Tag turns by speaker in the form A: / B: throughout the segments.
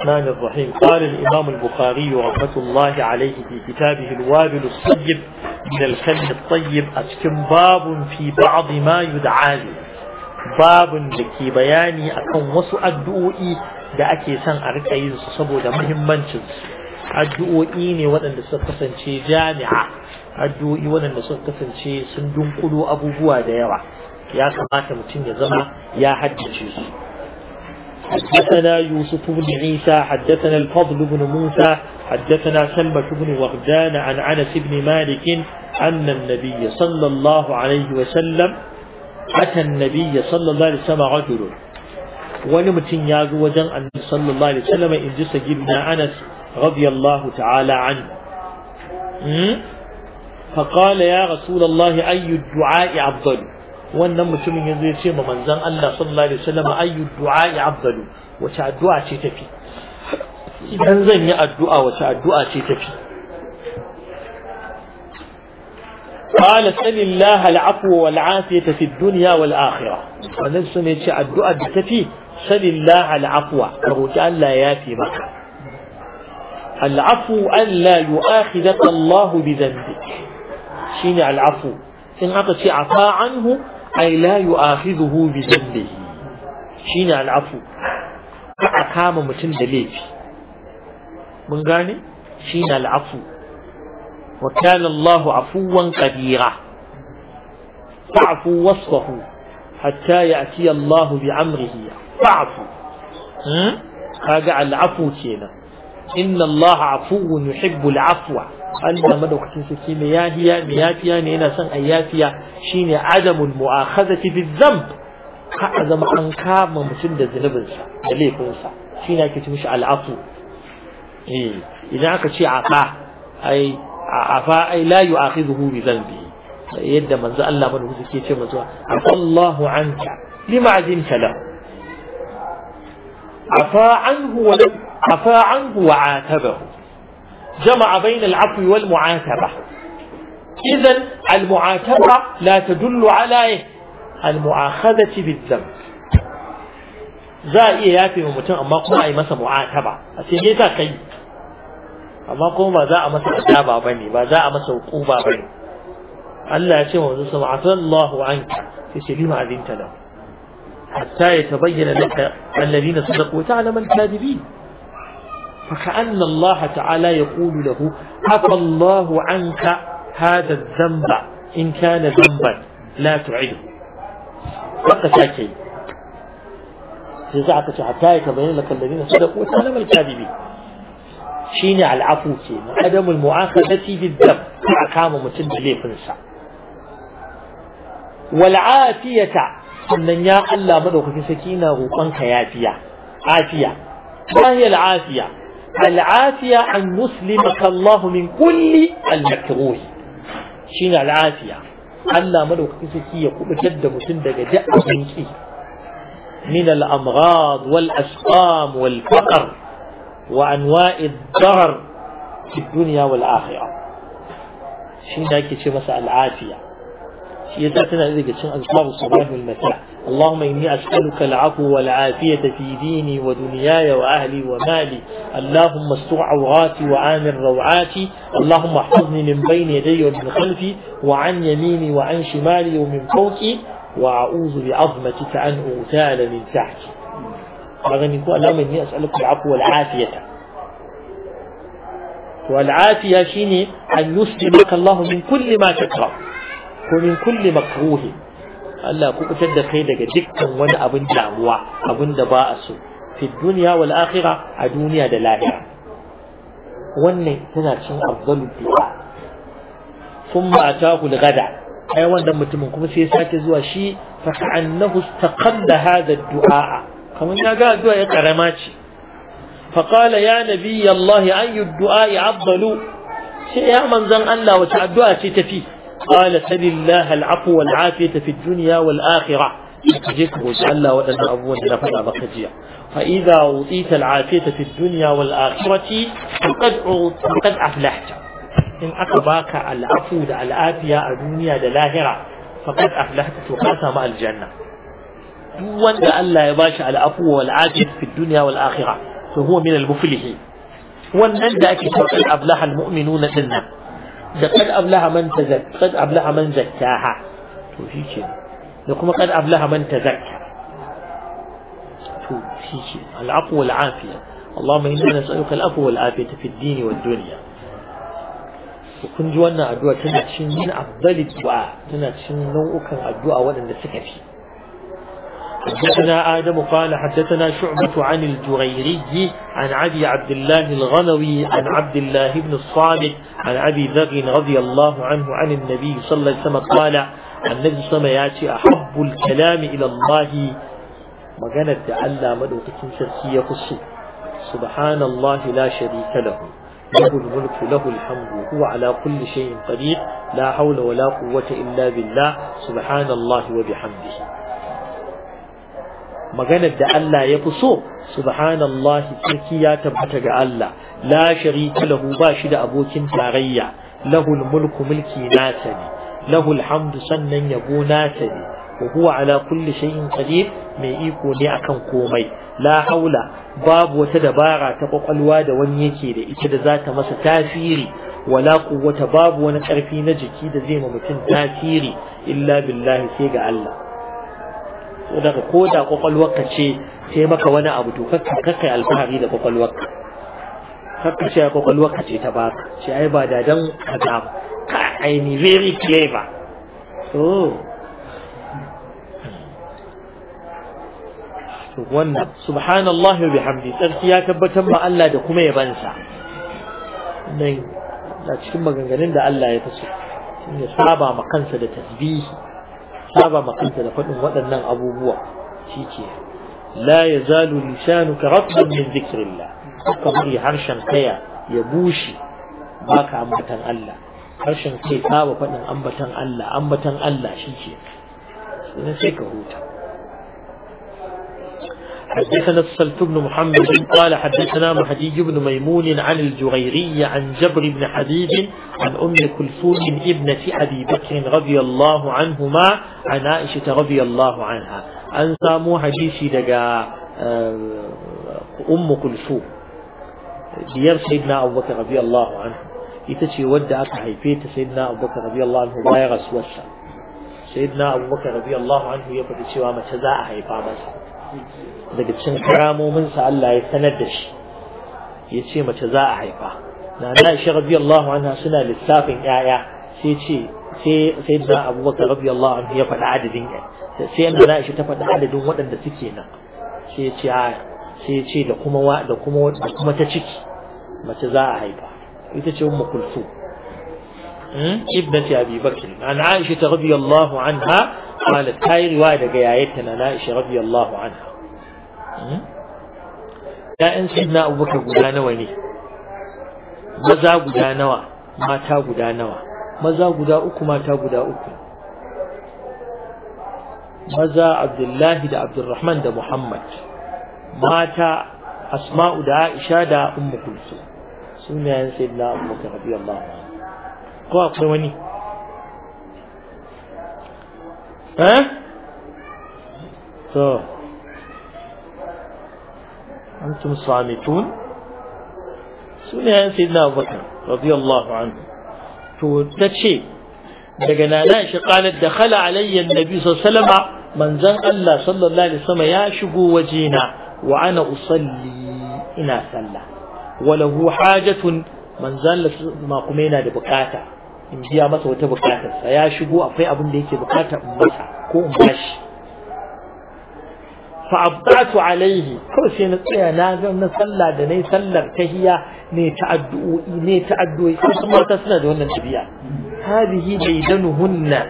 A: الرحمن الرحيم قال الإمام البخاري رحمة الله عليه في كتابه الوابل الصيب من الكلم الطيب أتكم باب في بعض ما يدعى له باب لكي بياني أكون وسو أدعوئي da ake son a rika yin su saboda muhimmancin addu'o'i ne waɗanda suka kasance jami'a addu'o'i waɗanda suka kasance sun dunkulo abubuwa da yawa ya kamata mutum ya zama ya haddace su حدثنا يوسف بن عيسى حدثنا الفضل بن موسى حدثنا سمك بن وغدان عن أنس بن مالك أن النبي صلى الله عليه وسلم أتى النبي صلى الله عليه وسلم رجل ونمتن يا وجن أن صلى الله عليه وسلم إن جس جبنا أنس رضي الله تعالى عنه فقال يا رسول الله أي الدعاء أفضل wannan mutumin yazo ya ce ma manzon Allah sallallahu alaihi wasallam ayyu du'a'i afdalu wace addu'a ce tafi idan zan yi addu'a wace addu'a ce tafi قال سل الله العفو والعافية في الدنيا والآخرة wannan sun yace addu'a da tafi سل الله العفو roki Allah ya fi maka العفو أن لا يؤاخذك الله بذنبك شين العفو إن أقصي عفا عنه أي لا يؤاخذه بذنبه شين العفو أقام متن دليفي من قاني شين العفو وكان الله عفوا قديرا فاعفوا وصفه حتى يأتي الله بأمره فاعفوا هذا العفو كينا إن الله عفو يحب العفو Allah madaukakin sarki mai yafiya mai yafiya ne yana son ai yafiya shine adamul mu'akhazati bizamb ka a zama an kama mutum da zunubinsa da laifinsa shine ake ce mishi al'afu eh idan aka ce aqa ai afa ai la yu'akhidhu bi dhanbi yadda manzo Allah madaukakin sarki ce manzo Allahu anka lima azimta lahu afa anhu wa afa anhu wa atabahu جمع بين العفو والمعاتبة إذا المعاتبة لا تدل على المعاخذة بالذنب za a iya yafe wa mutum amma kuma a yi masa mu'ataba a ce me sa kai amma kuma ba za a masa azaba bane ba za a masa hukuba bane Allah ya ce wa manzo sama asallahu anka sai ce lima azinta lahu hatta yatabayyana laka alladhina sadaqu wa ta'lamu al-kadhibin فكأن الله تعالى يقول له عفى الله عنك هذا الذنب إن كان ذنبا لا تعده فقط شاكي جزعك حتى يتبين لك الذين صدقوا وسلم الكاذبين شين على العفو كينا عدم المؤاخذة بالذنب أقام متن ليفنسا والعافية أن يا الله مدوك في سكينة وقنك يا عافية ما هي العافية؟ العافية أن يسلمك الله من كل المكروه شين العافية ألا ملوك كسكي يقول جد مسندك جاء منك من الأمراض والأسقام والفقر وأنواع الضرر في الدنيا والآخرة شين ذاك شيء مسألة العافية شيء ذاتنا إذا كنت أسباب الصباح والمساء اللهم إني أسألك العفو والعافية في ديني ودنياي وأهلي ومالي اللهم استر عوراتي وآمن روعاتي اللهم احفظني من بين يدي ومن خلفي وعن يميني وعن شمالي ومن فوقي وأعوذ بعظمتك أن أغتال من تحتي اللهم إني أسألك العفو والعافية والعافية شيني أن يسلمك الله من كل ما تكره ومن كل مكروه Allah ku kutar da kai daga dukkan wani abin damuwa abin da ba a so fi duniya wal akhira a duniya da lahira wannan tana cin afdalu du'a thumma atahu al-ghada ai wannan mutumin kuma sai ya sake zuwa shi fa ka'annahu istaqalla hadha ad-du'a kamar ya ga addu'a ya karama ce fa qala ya nabiy Allah ya ad-du'a afdalu sai ya manzon Allah wace addu'a ce tafi قال سل الله العفو والعافية في الدنيا والآخرة جكه جعل ودنا أبوان لفنا بقجية فإذا أوتيت العافية في الدنيا والآخرة فقد فقد أفلحت إن أكباك العفو العافية الدنيا للآخرة فقد أفلحت وقاسم الجنة دون ألا يباشى العفو والعافية في الدنيا والآخرة فهو من المفلحين وأن أنت ake أفلح المؤمنون aflaha almu'minuna da qad ablaha man tazakka qad ablaha man zakkaha to shi ce da kuma qad ablaha man tazakka to shi ce al'afu wal afiya Allahumma inna nas'aluka al'afu wal afiyata fid dini wad dunya kun ji wannan addu'a tana cikin yin afdalit du'a tana cikin nau'ukan addu'a waɗanda suka fi حدثنا آدم قال حدثنا شعبة عن الجريري عن عبي عبد الله الغنوي عن عبد الله بن الصالح عن أبي ذر رضي الله عنه عن النبي صلى الله عليه وسلم قال النبي صلى الله عليه وسلم أحب الكلام إلى الله ما كانت تعلى مدوك تنسرسي سبحان الله لا شريك له له الملك له الحمد هو على كل شيء قدير لا حول ولا قوة إلا بالله سبحان الله وبحمده maganar da Allah ya fi so subhanallahi sarki ya tabbata ga Allah la sharika lahu ba shi da abokin tarayya lahul mulku mulki nasa ne lahul hamdu sannan yabo nasa ne wa huwa ala kulli shay'in qadir mai iko ne akan komai la haula babu wata dabara ta kwakwalwa da wani yake da ita da za ta masa tasiri wala quwwata babu wani karfi na jiki da zai ma mutum tasiri illa billahi sai ga Allah so daga ko kwakwalwarka ce sai maka wani abu to kakkai alfahari da kwakwalwarka kakka ce kwakwalwarka ce ta baka ce ai ba da dan kaza ba ka aini very clever so wannan subhanallah wa bihamdi tsarki ya tabbatar ma Allah da kuma yabansa nan da cikin maganganun da Allah ya fi so ya saba ma kansa da tasbihi saba makanta da faɗin waɗannan abubuwa shi ke la ya zalu lisanuka rasban min zikrillah kuka bari harshen kaya ya bushe baka ambatan Allah harshen kai saba faɗin ambatan Allah ambatan Allah shi ke sai ka huta حدثنا الصلت بن محمد قال حدثنا محديج بن ميمون عن الجغيري عن جبر بن حبيب عن أم كلثوم ابنة أبي بكر رضي الله عنهما عن عائشة رضي الله عنها أن سامو حديث دقا آه، أم كلثوم ديار سيدنا أبو بكر رضي الله عنه يتشي ودع حيفيت سيدنا أبو بكر رضي الله عنه بايغس وسا سيدنا أبو بكر رضي الله عنه يفتشي وما تزاع حيفا daga cikin sa Allah ya sanar da shi yace mace za a haifa na na shi radiyallahu anha suna lissafin yaya sai ce sai sai da abubakar radiyallahu anhu ya faɗi adadin sai na na shi ta faɗi adadin waɗanda suke nan sai ce a sai ce da kuma wa da kuma da kuma ta ciki mace za a haifa ita ce ummu kulsum ibnati abi bakr an aisha radiyallahu anha قالت هاي رواية قيايتنا نائشة رضي الله عنها يا إن سيدنا أبو بكر قدانا وني مزا قدانا ما تا قدانا مزا قدا أكو ما تا قدا أكو مزا عبد الله دا عبد الرحمن دا محمد ما تا أسماء دا عائشة دا أم كلثوم سنة سيدنا أبو بكر رضي الله عنه قوة قواني eh to antum samitun sunayen sayyidina abubakar radiyallahu anhu to tace
B: daga nana
A: shi qalat dakhala alayya annabi sallallahu alaihi wasallam manzon Allah sallallahu alaihi wasallam ya shigo wajena wa ana usalli ina sallah wa lahu hajatun manzon ma kuma yana da bukata in biya masa wata bukatarsa ya shigo akwai abin da yake bukata in masa ko in bashi fa abdatu alaihi kawai sai na tsaya na ga na sallah da nayi sallar tahiyya ne ta addu'o'i ne ta addu'o'i kuma mata suna da wannan tabiya hadihi baydanuhunna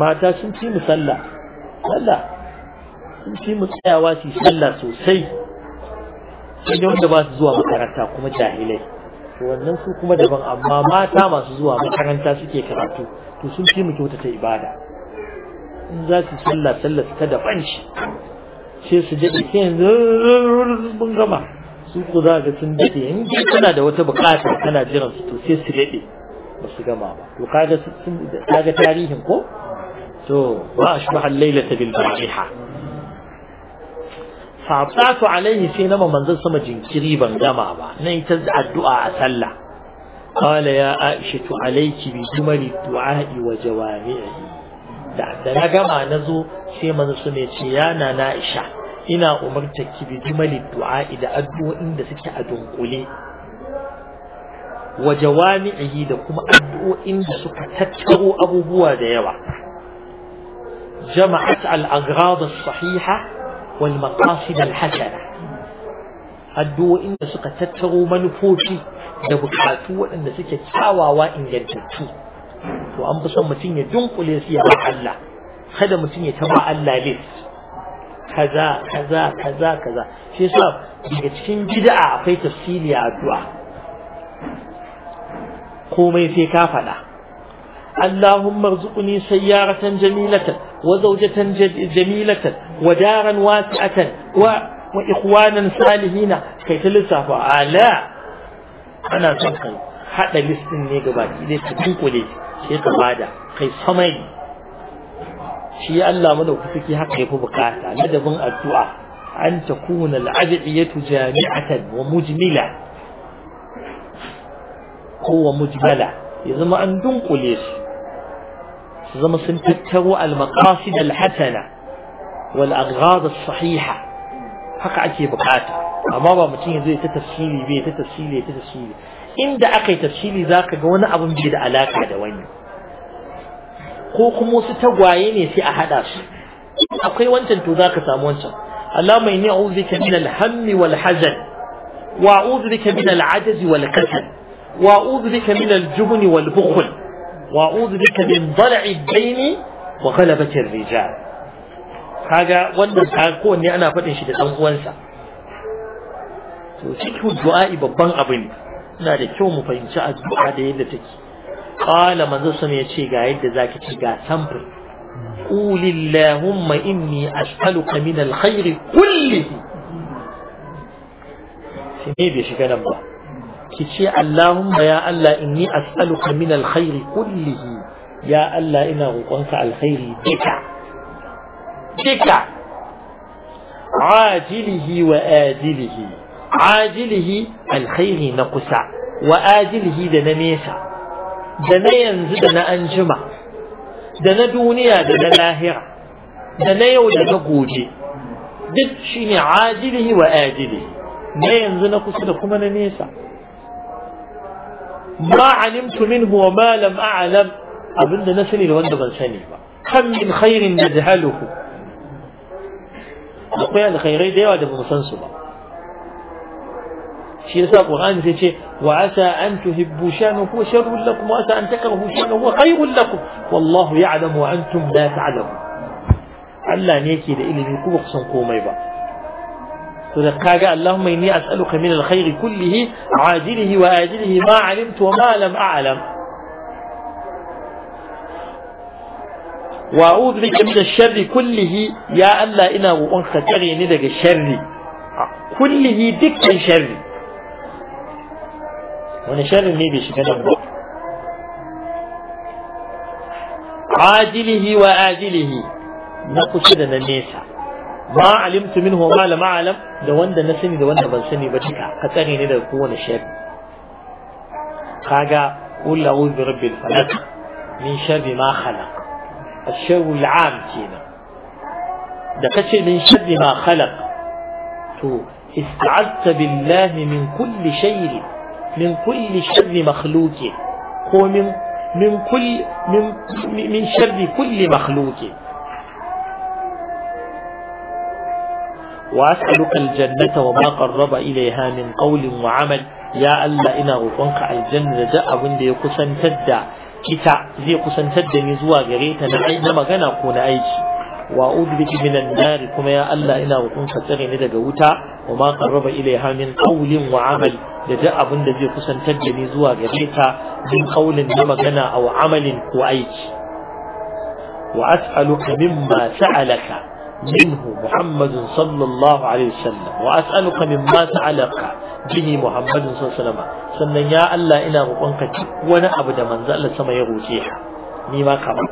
A: mata sun ci mu sallah sallah sun ci mu tsayawa su sallah sosai sai wanda ba su zuwa makaranta kuma jahilai to wannan su kuma daban amma mata masu zuwa makaranta suke karatu to sun fi mu kyautata ibada in za su sallah sallah ta daban shi sai su je ke mun gama su ku za ga sun daɗe in kana da wata bukata kana jiran su to sai su dade ba su gama ba to kaga sun kaga tarihin ko to ba ashbaha al-lailata bil-bariha fasatu alaihi sai na manzon sama jinkiri ban gama ba nan ta addu'a a sallah Kala ya aisha tu alayki bi jumali du'a'i wa jawami'i da da na gama nazo sai manzon su ya ce ya aisha ina umarta ki bi jumali du'a'i da addu'o'in da suke a dunkule wa jawami'ihi da kuma addu'o'in da suka tattaro abubuwa da yawa jama'at al-aghrad as-sahiha والمقاصد الحسنة addu'o'in da suka tattaro manufofi da buƙatu waɗanda suke kyawawa ingantattu to an fi son mutum ya dunkule su ya ba Allah kada mutum ya taɓa Allah list kaza kaza kaza kaza shi yasa cikin bid'a akwai tafsiri a addu'a komai sai ka faɗa Allahumma rzuqni sayyaratan jamilatan وزوجة جميلة ودارا واسعة و... وإخوانا صالحين كي تلسف على أنا سنقل حتى لسن نيجبات إذا تتنقلي كي تبادا كي سمعي shi Allah madaukaki haka yafi bukata ladabin addu'a an takuna al'adiyatu jami'atan wa mujmila ko wa mujmala ya zama an dunkule زم سنتتروا المقاصد الحسنة والأغراض الصحيحة حق عكي بقاته amma ba mutum ya zai ta tafsiri bai ta tafsiri ta tafsiri inda aka yi tafsiri za ka ga wani abin bai da alaka da wani ko kuma wasu tagwaye ne sai a haɗa su akwai wancan to za ka samu wancan alama ne a'udhu bika min al-hammi wal hazan wa a'udhu bika min al-'ajzi wal kasal wa a'udhu bika min al-jubni wal bukhl وأعوذ بك من ضلع الدين وغلبة الرجال kaga wannan ta kowanne ana faɗin shi da ɗan uwansa to cikin du'a'i babban abu ne ina da kyau mu fahimci addu'a da yadda take qala manzo sun ya ce ga yadda zaki ci ga samfur quli allahumma inni as'aluka min alkhairi kullihi shi ne bai shiga nan ba kice Allahumma ya Allah inni as'aluka min alkhairi kullihi ya Allah ina roƙonka alkhairi duka duka ajilihi wa ajilihi ajilihi alkhairi na kusa wa ajilihi da na nesa da na yanzu da na anjima da na duniya da na lahira da na yau da na gobe duk shine ajilihi wa ajilihi na yanzu na kusa da kuma na nesa ما علمت منه وما لم أعلم أبن نسني لو أنت من كم من خير نجهله أقول هذا خيري ديوا ده مسنسبة شيء يسا القرآن سيتي وعسى أن تحبوا شأنه هو شر لكم وعسى أن تكرهوا شأنه هو خير لكم والله يعلم وأنتم لا تعلمون الله نيكي لإلي da ilimi ku ba قال اللهم إني أسألك من الخير كله عاجله وآجله ما علمت وما لم أعلم وأعوذ بك من الشر كله يا الله إنا وأنت تري ندق الشر كله دك الشر وأنا شر مني بشكل شكرا عاجله وآجله نقصد من نيسان ما علمت منه وما لم أعلم ده وندا نسني ده وندا بنسني بديك قتاني نده كون الشر خاجة قل أعوذ برب الفلق من شر ما خلق الشر العام كينا ده كشر من شر ما خلق تو استعذت بالله من كل شيء من كل شر مخلوق هو من من كل من من شر كل مخلوق وأسألك الجنة وما قرب إليها من قول وعمل يا الله إنا روحك الجنة دا أبن دي قسن تدى كتا زي قسن تدى نزوى غريتا نعي نمغنى قون أيجي وأعوذ بك من النار كما يا الله إنا روحك تغني دا قوتا وما قرب إليها من قول وعمل دا أبن دي قسن تدى نزوى غريتا من قول نمغنى أو عمل وأيجي وأسألك مما سألك منه محمد صلى الله عليه وسلم واسالك مما تعلق به محمد صلى sannan ya Allah ina roƙonka duk wani abu da manzo Allah ya roƙe ka ni ma kama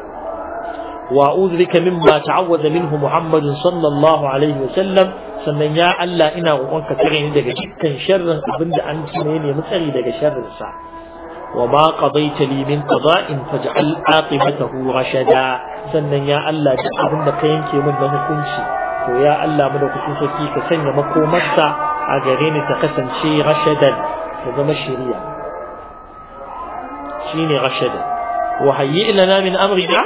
A: wa uzrika mimma ta'awwaza minhu Muhammad sallallahu alaihi wa sannan ya Allah ina roƙonka kare ni daga dukkan sharrin abinda an tsare ne mutsari daga sharrin وما قضيت لي من قضاء فاجعل عاقبته رشدا sannan ya Allah duk abin da ka yanke min na hukunci to ya Allah mu da kusurki ka sanya makomarsa a gare ni ta kasance rashadan ta zama shari'a shine rashadan wa hayyi lana min amrina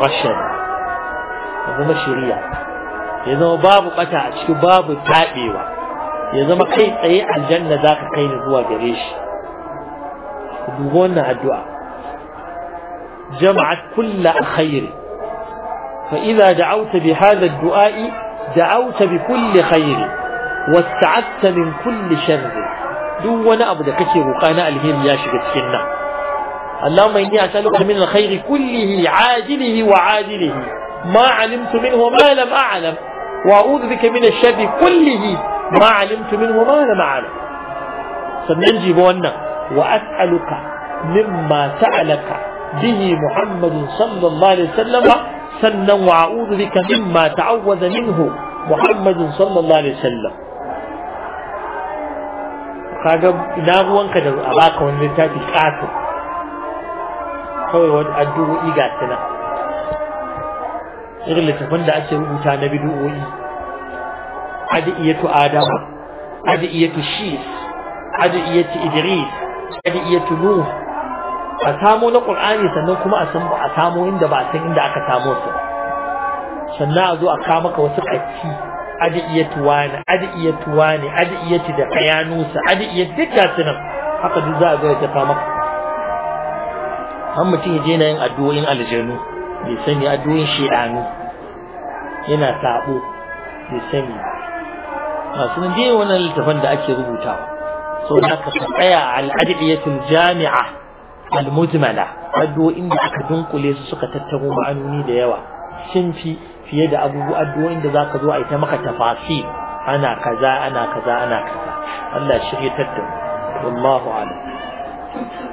A: rashada ta zama shari'a ya zama babu bata a cikin babu tabewa ya zama kai tsaye aljanna zaka kai ni zuwa gare shi بغنى الدعاء جمعت كل خير فإذا دعوت بهذا الدعاء دعوت بكل خير واستعدت من كل شر دون أبو كثير قناة الهيم ياشقت كنا اللهم إني أسألك من الخير كله عاجله وعادله ما علمت منه وما لم أعلم وأعوذ بك من الشر كله ما علمت منه وما لم أعلم سننجي بوانا وأسألك مما سألك به محمد صلى الله عليه وسلم سنا وأعوذ بك مما تعوذ منه محمد صلى الله عليه وسلم kaga ina ruwanka da a baka wani littafi ƙato kawai wani addu'o'i ga tana irin littafin da ake rubuta na bidu'o'i adiyatu adam shi shis adiyatu idris kad iya tulu a samu na qur'ani sannan kuma a san a samu inda ba san inda aka samu su sannan a zo a ka maka wasu kacci adiyatu wani adiyatu wani adiyatu da kayanusa adiyatu dukkan gasu nan haka duk za a ga ta ka maka amma tin ya je na yin addu'o'in aljanu bai sani addu'o'in shedanu yana sabo bai sani A nan dai wannan littafin da ake rubutawa so da ka tsaya al'adiyatul jami'a al-mujmala addu'o'in da aka dunkule su suka tattaro ma'anoni da yawa sun fi fiye da abubuwa addu'o'in da zaka zo a ita maka tafafi, ana kaza ana kaza ana kaza Allah shirye tattaro wallahu a'lam